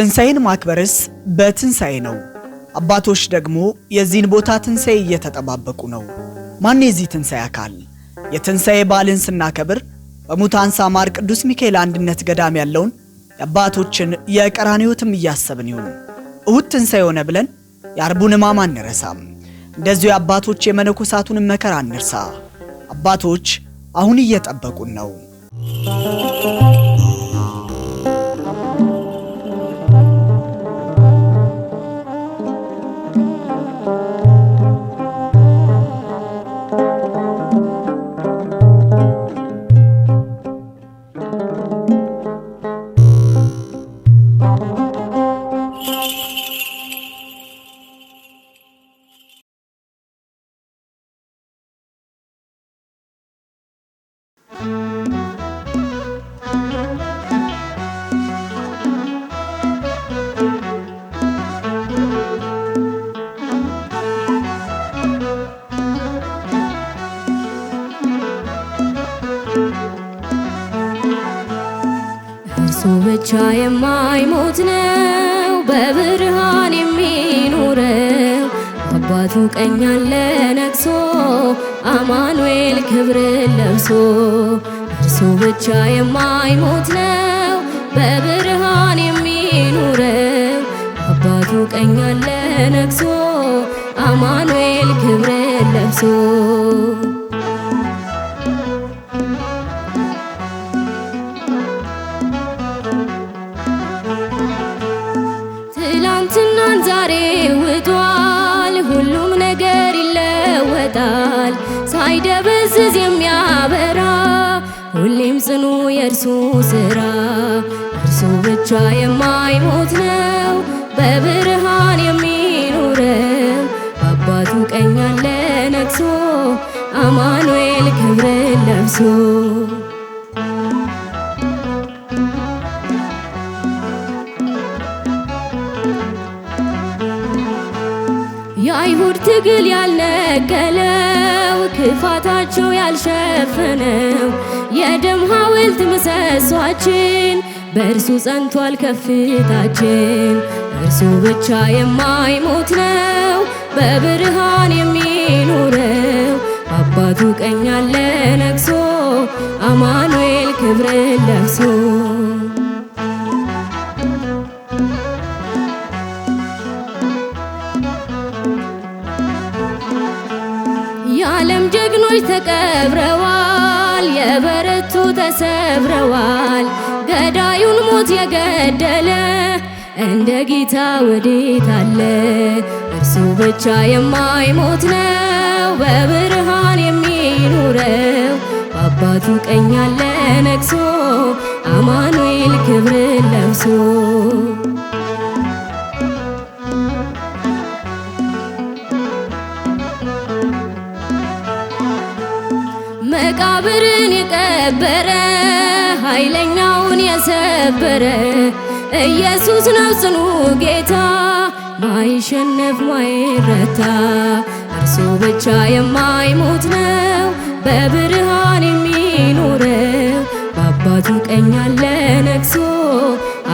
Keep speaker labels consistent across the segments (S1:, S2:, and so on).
S1: ትንሣኤን ማክበርስ በትንሣኤ ነው። አባቶች ደግሞ የዚህን ቦታ ትንሣኤ እየተጠባበቁ ነው። ማን የዚህ ትንሣኤ አካል? የትንሣኤ በዓልን ስናከብር በሙታን ሳማር ቅዱስ ሚካኤል አንድነት ገዳም ያለውን የአባቶችን የቀራንዮትም እያሰብን ይሁን። እሁድ ትንሣኤ ሆነ ብለን የአርቡን ሕማም አንረሳም። እንደዚሁ የአባቶች የመነኮሳቱን መከራ አንርሳ። አባቶች አሁን እየጠበቁን ነው።
S2: እርሱ ብቻ የማይሞት ነው በብርሃን የሚኖረው አባቱ ቀኝ አለ ነግሶ አማኑኤል ክብርን ለብሶ እርሱ ብቻ የማይሞት ነው በብርሃን የሚኖረው አባቱ ቀኝ አለ ነግሶ አማኑኤል ክብርን ለብሶ ትላንትናን ዛሬ ውጧል። ሁሉም ነገር ይለወጣል ሳይደበዝዝ የሚያ ጽኑ የእርሱ ስራ እርሱ ብቻ የማይሞት ነው በብርሃን የሚኖረው አባቱ ቀኝ አለ ነግሶ አማኑኤል ክብርን ለብሶ የአይሁድ ትግል ያልነቀለው ክፋታችሁ ያልሸፈነው የደም ሐውልት ምሰሷችን በእርሱ ጸንቷል ከፍታችን። እርሱ ብቻ የማይሞት ነው በብርሃን የሚኖረው አባቱ ቀኝ አለ ነግሶ አማኑኤል ክብርን ለብሶ ተቀብረዋል፣ የበረቱ ተሰብረዋል። ገዳዩን ሞት የገደለ እንደ ጌታ ወዴት አለ? እርሱ ብቻ የማይሞት ነው በብርሃን የሚኖረው በአባቱ ቀኝ አለ ነግሶ አማኑኤል ክብርን ለብሶ ተከበረ ኃይለኛውን የሰበረ ኢየሱስ ነው ጽኑ ጌታ ማይሸነፍ ማይረታ እርሱ ብቻ የማይሞት ነው በብርሃን የሚኖረው በአባቱ ቀኝ ያለ ነግሶ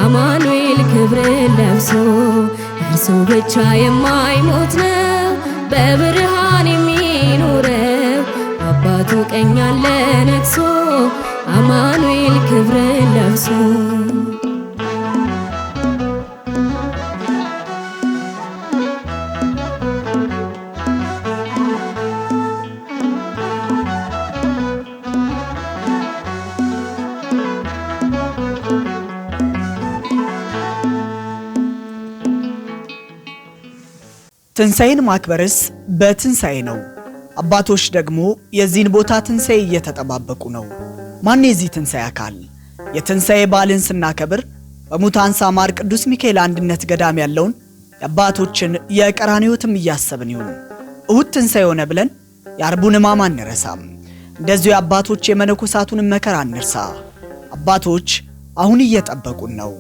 S2: አማኑኤል ክብር ለብሶ እርሱ ብቻ የማይሞት ነው በብርሃን የሚኖረው በአባቱ ቀኝ ነግሶ አማኑኤል ክብር ለብሶ
S1: ትንሣኤን ማክበርስ በትንሣኤ ነው። አባቶች ደግሞ የዚህን ቦታ ትንሣኤ እየተጠባበቁ ነው። ማን የዚህ ትንሣኤ አካል? የትንሣኤ በዓልን ስናከብር በሙታን ሳማር ቅዱስ ሚካኤል አንድነት ገዳም ያለውን የአባቶችን የቀራንዮትም እያሰብን ይሁን። እሁድ ትንሣኤ ሆነ ብለን የአርቡን ሕማም አንረሳም። እንደዚሁ የአባቶች የመነኮሳቱንም መከራ አንርሳ። አባቶች አሁን እየጠበቁን ነው።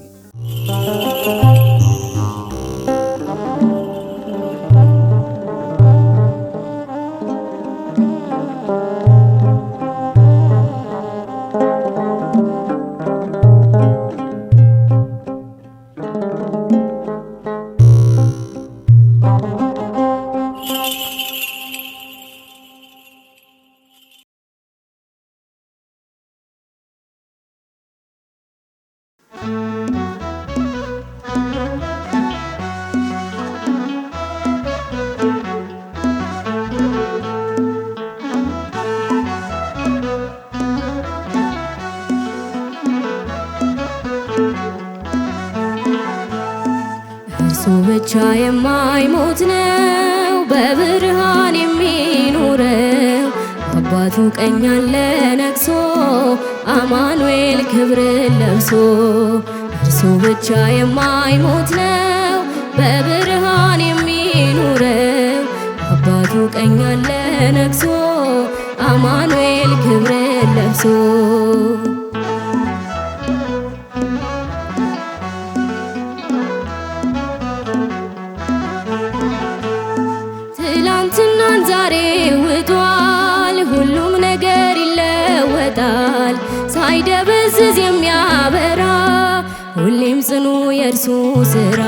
S2: የማይሞት ነው በብርሃን የሚኖረው አባቱ ቀኝ አለ ነግሶ አማኑኤል ክብርን ለብሶ እርሱ ብቻ የማይሞት ነው በብርሃን የሚኖረው አባቱ ቀኝ አለ ነግሶ አማኑኤል ክብርን ለብሶ ጽኑ የእርሱ ስራ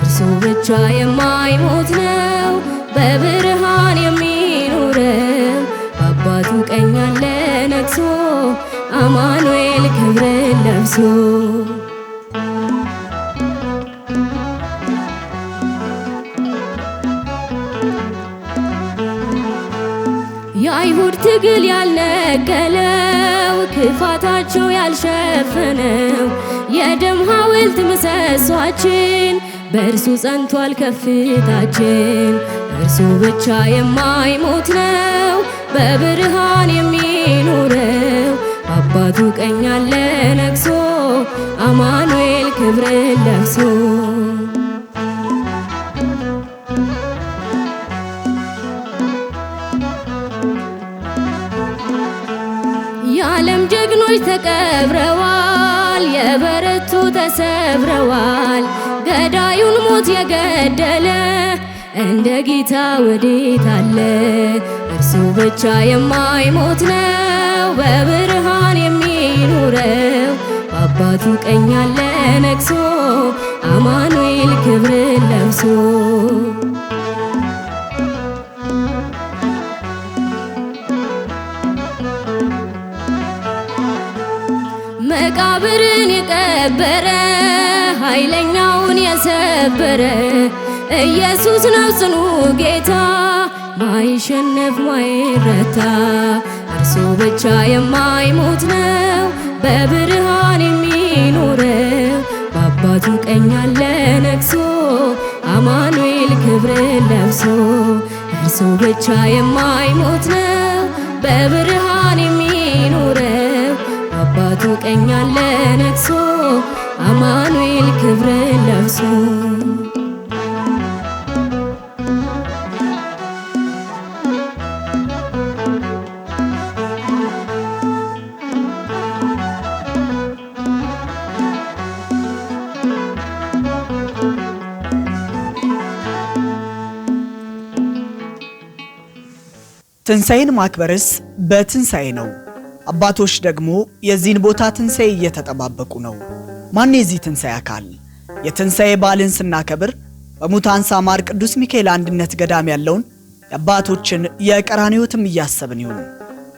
S2: እርሱ ብቻ የማይሞት ነው በብርሃን የሚኖረው አባቱ ቀኝ ያለ ነግሶ አማኑኤል ክብርን ለብሶ የአይሁድ ትግል ያልነቀለው ክፋታችሁ ያልሸፈነው የደም ሐውልት ምሰሷችን በእርሱ ጸንቷል ከፍታችን። እርሱ ብቻ የማይሞት ነው በብርሃን የሚኖረው አባቱ ቀኝ አለ ነግሶ አማኑኤል ክብርን ለብሶ ደጆች ተቀብረዋል፣ የበረቱ ተሰብረዋል። ገዳዩን ሞት የገደለ እንደ ጌታ ወዴት አለ? እርሱ ብቻ የማይሞት ነው በብርሃን የሚኖረው በአባቱ ቀኝ አለ ነግሶ አማኑኤል ክብርን ለብሶ መቃብርን የቀበረ ኃይለኛውን የሰበረ ኢየሱስ ነው ጽኑ ጌታ ማይሸነፍ ማይረታ እርሱ ብቻ የማይሞት ነው በብርሃን የሚኖረው በአባቱ ቀኝ ያለ ነግሶ አማኑኤል ክብርን ለብሶ እርሱ ብቻ የማይሞት ነው በብርሃን የሚኖረው አባቱ ቀኝ አለ ነግሶ አማኑኤል ክብርን ለብሶ
S1: ትንሣኤን ማክበርስ በትንሣኤ ነው። አባቶች ደግሞ የዚህን ቦታ ትንሣኤ እየተጠባበቁ ነው። ማን የዚህ ትንሣኤ አካል? የትንሣኤ በዓልን ስናከብር በሙታን ሳማር ቅዱስ ሚካኤል አንድነት ገዳም ያለውን የአባቶችን የቀራንዮ እያሰብን ይሁን።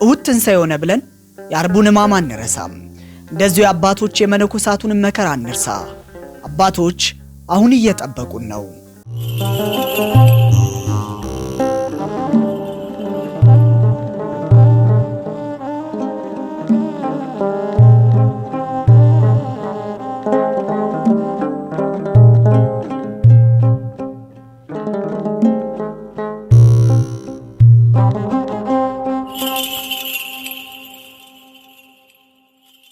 S1: እሁድ ትንሣኤ ሆነ ብለን የአርቡን ሕማም አንረሳም። እንደዚሁ የአባቶች የመነኮሳቱን መከራ አንርሳ። አባቶች አሁን እየጠበቁን ነው።